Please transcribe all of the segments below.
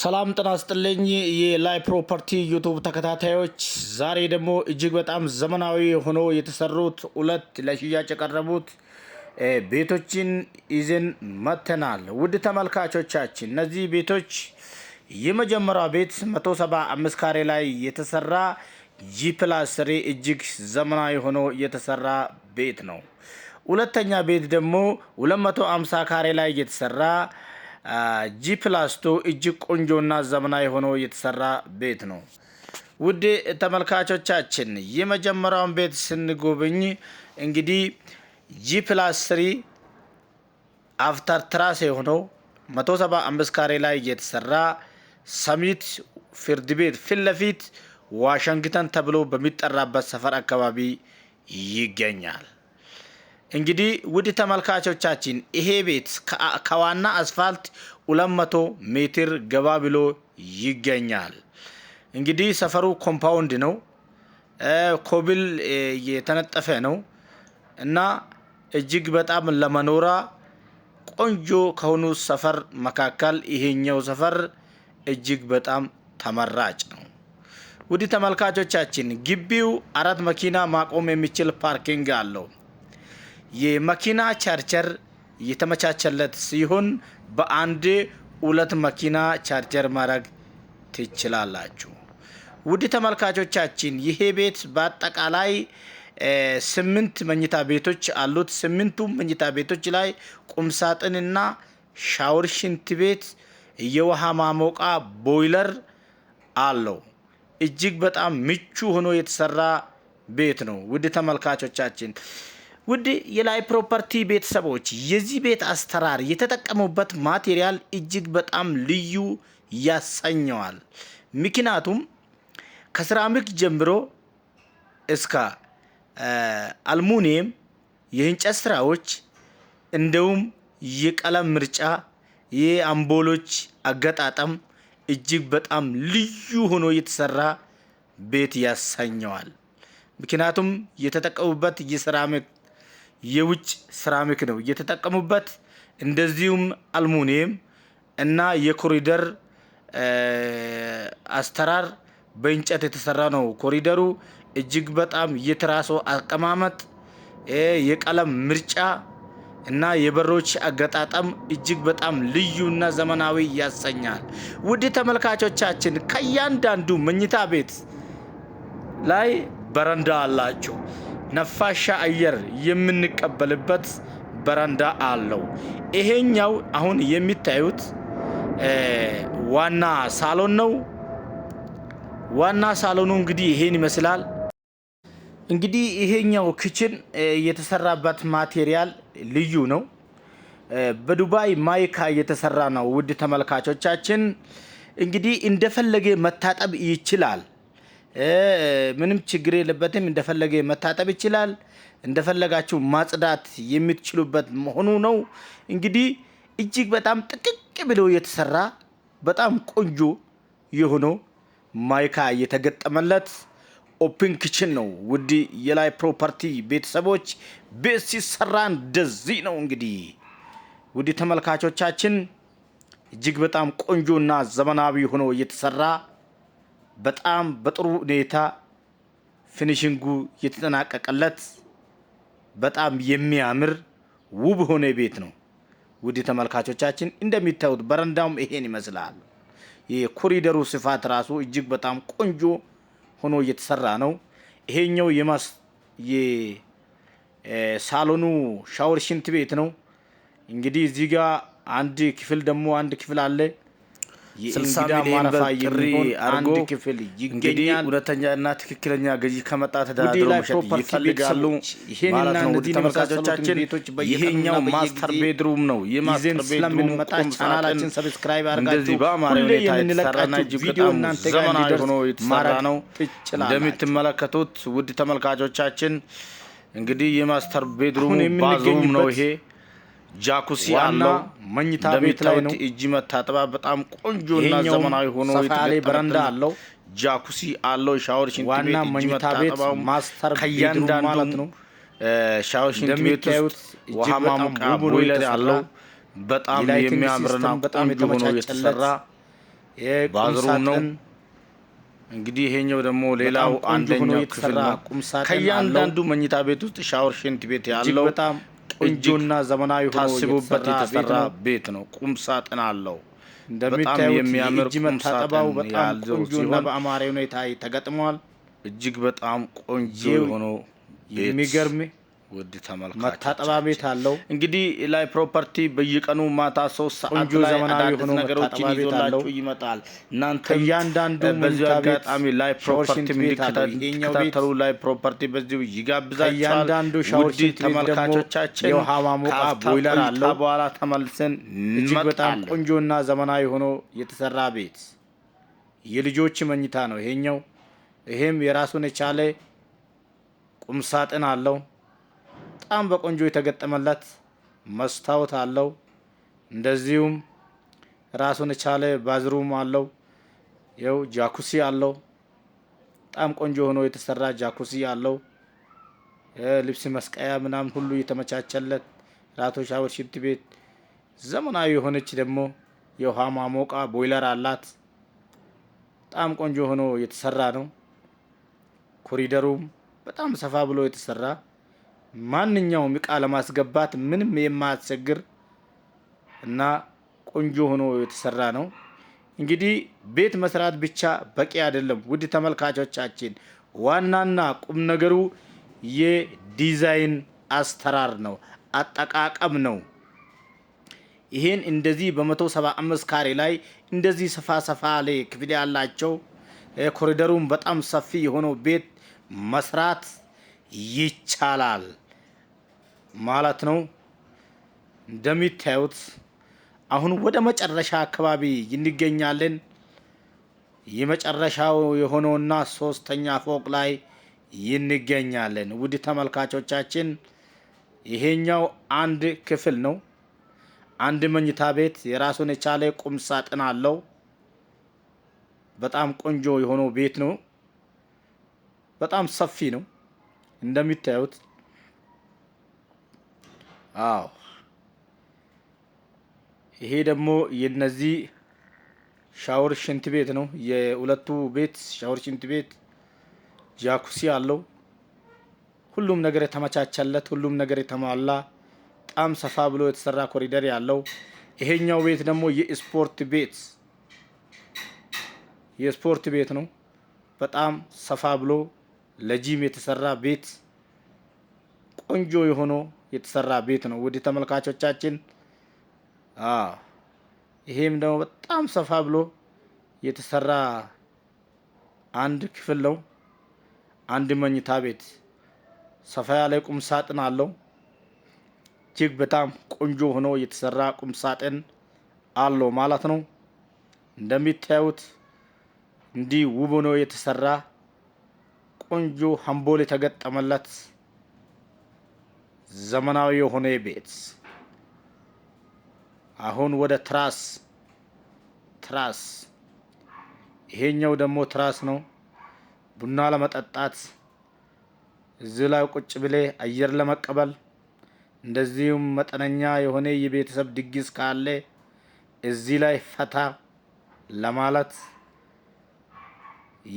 ሰላም ጤና ይስጥልኝ የላይ ፕሮፐርቲ ዩቱብ ተከታታዮች፣ ዛሬ ደግሞ እጅግ በጣም ዘመናዊ ሆኖ የተሰሩት ሁለት ለሽያጭ የቀረቡት ቤቶችን ይዘን መጥተናል። ውድ ተመልካቾቻችን እነዚህ ቤቶች የመጀመሪያው ቤት 175 ካሬ ላይ የተሰራ ጂፕላስሪ እጅግ ዘመናዊ ሆኖ የተሰራ ቤት ነው። ሁለተኛ ቤት ደግሞ 250 ካሬ ላይ የተሰራ ጂ ቱ እጅግ ቆንጆና ዘመናዊ ሆኖ የተሰራ ቤት ነው። ውድ ተመልካቾቻችን የመጀመሪያውን ቤት ስንጎብኝ እንግዲህ ጂ ፕላስ ስሪ አፍተር ትራስ የሆነው 175 ካሬ ላይ የተሰራ ሰሚት ፍርድ ቤት ፊት ለፊት ዋሽንግተን ተብሎ በሚጠራበት ሰፈር አካባቢ ይገኛል። እንግዲህ ውድ ተመልካቾቻችን ይሄ ቤት ከዋና አስፋልት 200 ሜትር ገባ ብሎ ይገኛል። እንግዲህ ሰፈሩ ኮምፓውንድ ነው፣ ኮብል የተነጠፈ ነው እና እጅግ በጣም ለመኖራ ቆንጆ ከሆኑ ሰፈር መካከል ይሄኛው ሰፈር እጅግ በጣም ተመራጭ ነው። ውድ ተመልካቾቻችን ግቢው አራት መኪና ማቆም የሚችል ፓርኪንግ አለው። የመኪና ቻርጀር የተመቻቸለት ሲሆን በአንድ ሁለት መኪና ቻርጀር ማድረግ ትችላላችሁ። ውድ ተመልካቾቻችን ይሄ ቤት በአጠቃላይ ስምንት መኝታ ቤቶች አሉት። ስምንቱ መኝታ ቤቶች ላይ ቁምሳጥንና ሻወር፣ ሽንት ቤት፣ የውሃ ማሞቃ፣ ቦይለር አለው። እጅግ በጣም ምቹ ሆኖ የተሰራ ቤት ነው። ውድ ተመልካቾቻችን ውድ የላይ ፕሮፐርቲ ቤተሰቦች የዚህ ቤት አሰራር የተጠቀሙበት ማቴሪያል እጅግ በጣም ልዩ ያሰኘዋል። ምክንያቱም ከሴራሚክ ጀምሮ እስከ አልሙኒየም የእንጨት ስራዎች እንደውም የቀለም ምርጫ፣ የአምቦሎች አገጣጠም እጅግ በጣም ልዩ ሆኖ የተሰራ ቤት ያሰኘዋል። ምክንያቱም የተጠቀሙበት የሴራሚክ የውጭ ሴራሚክ ነው እየተጠቀሙበት። እንደዚሁም አልሙኒየም እና የኮሪደር አስተራር በእንጨት የተሰራ ነው። ኮሪደሩ እጅግ በጣም የትራሶ አቀማመጥ፣ የቀለም ምርጫ እና የበሮች አገጣጠም እጅግ በጣም ልዩና ዘመናዊ ያሰኛል። ውድ ተመልካቾቻችን ከእያንዳንዱ መኝታ ቤት ላይ በረንዳ አላቸው። ነፋሻ አየር የምንቀበልበት በረንዳ አለው። ይሄኛው አሁን የሚታዩት ዋና ሳሎን ነው። ዋና ሳሎኑ እንግዲህ ይሄን ይመስላል። እንግዲህ ይሄኛው ክችን የተሰራበት ማቴሪያል ልዩ ነው። በዱባይ ማይካ የተሰራ ነው። ውድ ተመልካቾቻችን እንግዲህ እንደፈለገ መታጠብ ይችላል። ምንም ችግር የለበትም። እንደፈለገ መታጠብ ይችላል። እንደፈለጋችሁ ማጽዳት የምትችሉበት መሆኑ ነው። እንግዲህ እጅግ በጣም ጥቅቅ ብሎ የተሰራ በጣም ቆንጆ የሆነው ማይካ የተገጠመለት ኦፕን ክችን ነው። ውድ የላይ ፕሮፐርቲ ቤተሰቦች ቤት ሲሰራ እንደዚህ ነው። እንግዲህ ውድ ተመልካቾቻችን እጅግ በጣም ቆንጆና ዘመናዊ ሆኖ እየተሰራ በጣም በጥሩ ሁኔታ ፊኒሽንጉ የተጠናቀቀለት በጣም የሚያምር ውብ ሆነ ቤት ነው። ውድ ተመልካቾቻችን እንደሚታዩት በረንዳውም ይሄን ይመስላል። የኮሪደሩ ስፋት ራሱ እጅግ በጣም ቆንጆ ሆኖ እየተሰራ ነው። ይሄኛው የሳሎኑ ሻወር ሽንት ቤት ነው። እንግዲህ እዚህ ጋር አንድ ክፍል ደግሞ አንድ ክፍል አለ። ስልሳ ሚሊዮን ብር ጥሪ አድርጎ ክፍል ይገኛል። ትክክለኛ ገዢ ከመጣ ተደራድሮ መሸጥ ይፈልጋሉ ውድ ተመልካቾቻችን ይሄኛው ማስተር ቤድሩም ነው። ይህ ማስተር ቤድሩም የተሰራና እጅግ በጣም ዘመናዊ ሆኖ የተሰራ ነው። እንደምትመለከቱት ውድ ተመልካቾቻችን እንግዲህ የማስተር ቤድሩም ባዙም ነው ይሄ ጃኩሲ ያለው መኝታ ቤት ላይ ነው። እጅ መታጠቢያ በጣም ቆንጆ እና ዘመናዊ ሆኖ በረንዳ አለው። ጃኩሲ አለው። ሻወር፣ ሽንት ቤት፣ እጅ መታጠቢያው ማስተር ከእያንዳንዱ ማለት ነው። ሻወር፣ ሽንት ቤት ውስጥ ውሃ ማሞቂያ ቦይለር አለው። በጣም የሚያምርና በጣም ሆኖ የተሰራ ባዝሩ ነው። እንግዲህ ይሄኛው ደግሞ ሌላው አንደኛው ክፍል ነው። ከእያንዳንዱ መኝታ ቤት ውስጥ ሻወር፣ ሽንት ቤት ያለው ቆንጆና ዘመናዊ ታስቡበት የተሰራ ቤት ነው። ቁም ሳጥን አለው። እንደሚታዩት የሚያምር መታጠቢያው በጣም ቆንጆና በአማረ ሁኔታ ተገጥሟል። እጅግ በጣም ቆንጆ የሆነው የሚገርም ውድ ተመልካቾች መታጠቢያ ቤት አለው። እንግዲህ ላይ ፕሮፐርቲ በየቀኑ ማታ ሶስት ሰዓት ቆንጆ ዘመናዊ የሆኑ ነገሮችን ይዞላችሁ ይመጣል። እናንተ እያንዳንዱ በዚሁ አጋጣሚ ላይ ፕሮፐርቲ እንዲከታተሉ ላይ ፕሮፐርቲ በዚሁ ይጋብዛችኋል። እያንዳንዱ ውድ ተመልካቾቻችን ከአፍታ በኋላ ተመልሰን እጅግ በጣም ቆንጆና ዘመናዊ ሆኖ የተሰራ ቤት የልጆች መኝታ ነው ይሄኛው። ይሄም የራሱን የቻለ ቁምሳጥን አለው። በጣም በቆንጆ የተገጠመለት መስታወት አለው። እንደዚሁም ራሱን የቻለ ባዝሩም አለው። ይኸው ጃኩሲ አለው። በጣም ቆንጆ ሆኖ የተሰራ ጃኩሲ አለው። ልብስ መስቀያ ምናምን ሁሉ የተመቻቸለት ራቶ ሻወር ሽንት ቤት ዘመናዊ የሆነች ደግሞ የውሃ ማሞቃ ቦይለር አላት። በጣም ቆንጆ ሆኖ የተሰራ ነው። ኮሪደሩም በጣም ሰፋ ብሎ የተሰራ ማንኛውም እቃ ለማስገባት ምንም የማያስቸግር እና ቆንጆ ሆኖ የተሰራ ነው። እንግዲህ ቤት መስራት ብቻ በቂ አይደለም። ውድ ተመልካቾቻችን ዋናና ቁም ነገሩ የዲዛይን አስተራር ነው፣ አጠቃቀም ነው። ይህን እንደዚህ በ175 ካሬ ላይ እንደዚህ ሰፋ ሰፋ ላይ ክፍል ያላቸው ኮሪደሩን በጣም ሰፊ የሆነው ቤት መስራት ይቻላል። ማለት ነው። እንደሚታዩት አሁን ወደ መጨረሻ አካባቢ እንገኛለን። የመጨረሻው የሆነውና ሶስተኛ ፎቅ ላይ ይንገኛለን። ውድ ተመልካቾቻችን ይሄኛው አንድ ክፍል ነው። አንድ መኝታ ቤት የራሱን የቻለ ቁም ሳጥን አለው። በጣም ቆንጆ የሆነው ቤት ነው። በጣም ሰፊ ነው እንደሚታዩት አዎ ይሄ ደግሞ የነዚህ ሻወር ሽንት ቤት ነው። የሁለቱ ቤት ሻወር ሽንት ቤት ጃኩሲ አለው። ሁሉም ነገር የተመቻቸለት፣ ሁሉም ነገር የተሟላ በጣም ሰፋ ብሎ የተሰራ ኮሪደር ያለው። ይሄኛው ቤት ደግሞ የስፖርት ቤት የስፖርት ቤት ነው። በጣም ሰፋ ብሎ ለጂም የተሰራ ቤት ቆንጆ የሆነው የተሰራ ቤት ነው። ውድ ተመልካቾቻችን ይሄም ደግሞ በጣም ሰፋ ብሎ የተሰራ አንድ ክፍል ነው። አንድ መኝታ ቤት ሰፋ ያለ ቁም ሳጥን አለው። እጅግ በጣም ቆንጆ ሆኖ የተሰራ ቁም ሳጥን አለው ማለት ነው። እንደሚታዩት እንዲህ ውብ ሆኖ የተሰራ ቆንጆ ሀምቦል የተገጠመለት ዘመናዊ የሆነ ቤት አሁን ወደ ትራስ ትራስ ይሄኛው ደግሞ ትራስ ነው። ቡና ለመጠጣት እዚህ ላይ ቁጭ ብሌ አየር ለመቀበል እንደዚሁም መጠነኛ የሆነ የቤተሰብ ድግስ ካለ እዚህ ላይ ፈታ ለማለት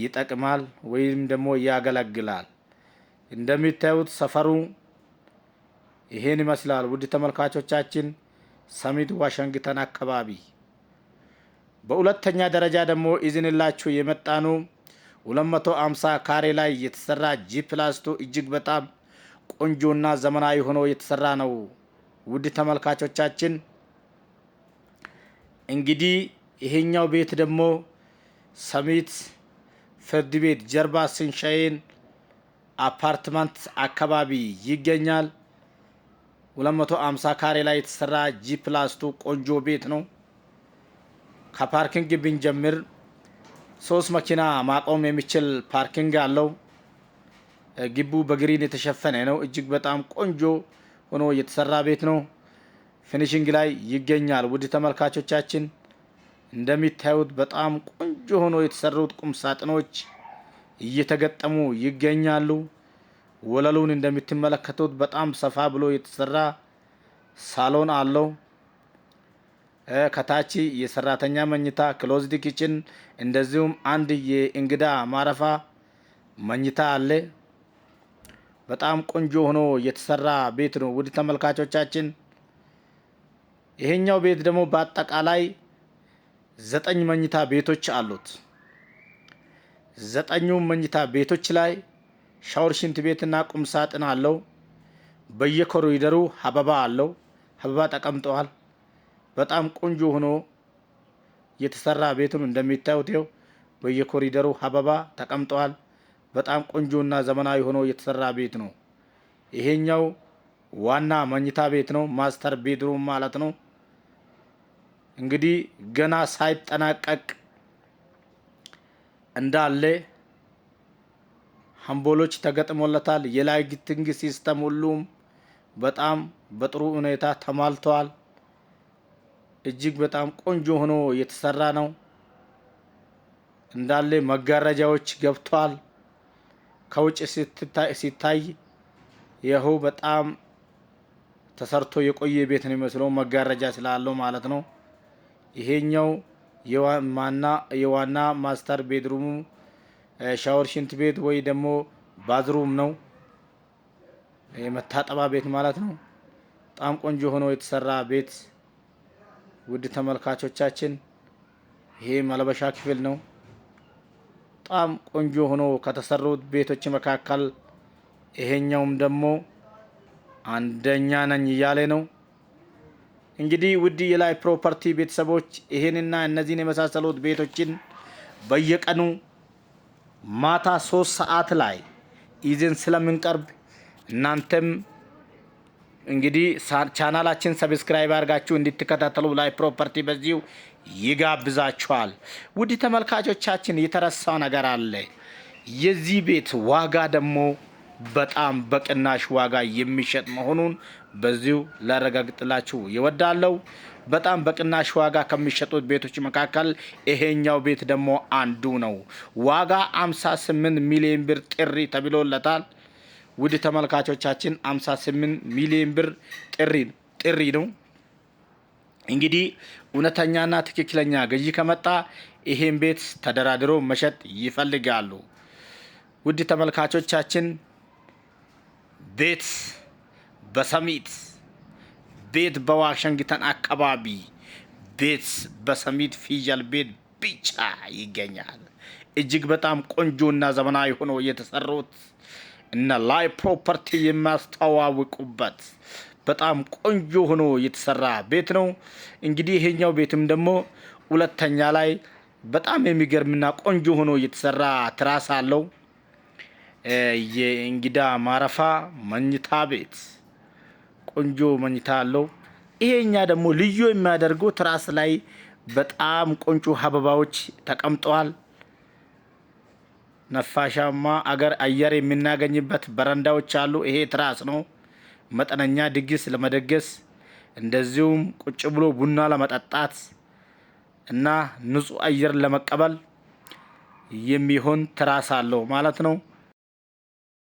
ይጠቅማል ወይም ደግሞ ያገለግላል። እንደሚታዩት ሰፈሩ ይሄን ይመስላል ውድ ተመልካቾቻችን ሰሚት ዋሽንግተን አካባቢ። በሁለተኛ ደረጃ ደግሞ ኢዝንላችሁ የመጣኑ 250 ካሬ ላይ የተሰራ ጂ ፕላስቱ እጅግ በጣም ቆንጆና ዘመናዊ ሆኖ የተሰራ ነው። ውድ ተመልካቾቻችን እንግዲህ ይሄኛው ቤት ደግሞ ሰሚት ፍርድ ቤት ጀርባ ስንሻይን አፓርትመንት አካባቢ ይገኛል። 250 ካሬ ላይ የተሰራ ጂ ፕላስቱ ቆንጆ ቤት ነው። ከፓርኪንግ ብንጀምር ሶስት መኪና ማቆም የሚችል ፓርኪንግ አለው። ግቡ በግሪን የተሸፈነ ነው። እጅግ በጣም ቆንጆ ሆኖ የተሰራ ቤት ነው። ፊኒሽንግ ላይ ይገኛል። ውድ ተመልካቾቻችን እንደሚታዩት በጣም ቆንጆ ሆኖ የተሰሩት ቁም ሳጥኖች እየተገጠሙ ይገኛሉ። ወለሉን እንደምትመለከቱት በጣም ሰፋ ብሎ የተሰራ ሳሎን አለው። ከታች የሰራተኛ መኝታ ክሎዝድ ኪችን፣ እንደዚሁም አንድ የእንግዳ ማረፋ መኝታ አለ። በጣም ቆንጆ ሆኖ የተሰራ ቤት ነው። ውድ ተመልካቾቻችን ይሄኛው ቤት ደግሞ በአጠቃላይ ዘጠኝ መኝታ ቤቶች አሉት። ዘጠኙ መኝታ ቤቶች ላይ ሻወር፣ ሽንት ቤትና ቁም ሳጥን አለው። በየኮሪደሩ አበባ አለው። አበባ ተቀምጠዋል። በጣም ቆንጆ ሆኖ የተሰራ ቤቱም እንደሚታዩት ይኸው በየኮሪደሩ አበባ ተቀምጠዋል። በጣም ቆንጆና ዘመናዊ ሆኖ የተሰራ ቤት ነው። ይሄኛው ዋና መኝታ ቤት ነው፣ ማስተር ቤድሩም ማለት ነው። እንግዲህ ገና ሳይጠናቀቅ እንዳለ ሀምቦሎች ተገጥሞለታል። የላይቲንግ ሲስተም ሁሉም በጣም በጥሩ ሁኔታ ተሟልተዋል። እጅግ በጣም ቆንጆ ሆኖ የተሰራ ነው። እንዳለ መጋረጃዎች ገብቷል። ከውጭ ሲታይ ይኸው በጣም ተሰርቶ የቆየ ቤት ነው የሚመስለው መጋረጃ ስላለው ማለት ነው። ይሄኛው የዋና ማስተር ቤድሩሙ ሻወር ሽንት ቤት ወይ ደግሞ ባዝሩም ነው የመታጠባ ቤት ማለት ነው። በጣም ቆንጆ ሆኖ የተሰራ ቤት ውድ ተመልካቾቻችን፣ ይሄ መለበሻ ክፍል ነው። በጣም ቆንጆ ሆኖ ከተሰሩት ቤቶች መካከል ይሄኛውም ደግሞ አንደኛ ነኝ እያለ ነው። እንግዲህ ውድ የላይ ፕሮፐርቲ ቤተሰቦች ይሄንና እነዚህን የመሳሰሉት ቤቶችን በየቀኑ ማታ ሶስት ሰዓት ላይ ይዘን ስለምንቀርብ እናንተም እንግዲህ ቻናላችን ሰብስክራይብ አድርጋችሁ እንድትከታተሉ ላይ ፕሮፐርቲ በዚሁ ይጋብዛችኋል። ውድ ተመልካቾቻችን የተረሳው ነገር አለ። የዚህ ቤት ዋጋ ደግሞ በጣም በቅናሽ ዋጋ የሚሸጥ መሆኑን በዚሁ ላረጋግጥላችሁ ይወዳለሁ። በጣም በቅናሽ ዋጋ ከሚሸጡት ቤቶች መካከል ይሄኛው ቤት ደግሞ አንዱ ነው። ዋጋ 58 ሚሊዮን ብር ጥሪ ተብሎለታል። ውድ ተመልካቾቻችን 58 ሚሊዮን ብር ጥሪ ጥሪ ነው። እንግዲህ እውነተኛና ትክክለኛ ገዢ ከመጣ ይሄን ቤት ተደራድሮ መሸጥ ይፈልጋሉ። ውድ ተመልካቾቻችን ቤት በሰሚት ቤት በዋሽንግተን አካባቢ ቤት በሰሚት ፊጀል ቤት ብቻ ይገኛል። እጅግ በጣም ቆንጆ እና ዘመናዊ ሆኖ የተሰሩት እና ላይ ፕሮፐርቲ የሚያስተዋውቁበት በጣም ቆንጆ ሆኖ የተሰራ ቤት ነው። እንግዲህ ይሄኛው ቤትም ደግሞ ሁለተኛ ላይ በጣም የሚገርምና ቆንጆ ሆኖ የተሰራ ትራስ አለው። የእንግዳ ማረፋ መኝታ ቤት ቆንጆ መኝታ አለው። ይሄኛ ደግሞ ልዩ የሚያደርገው ትራስ ላይ በጣም ቆንጆ አበባዎች ተቀምጠዋል። ነፋሻማ አገር አየር የምናገኝበት በረንዳዎች አሉ። ይሄ ትራስ ነው። መጠነኛ ድግስ ለመደገስ እንደዚሁም ቁጭ ብሎ ቡና ለመጠጣት እና ንጹህ አየር ለመቀበል የሚሆን ትራስ አለው ማለት ነው።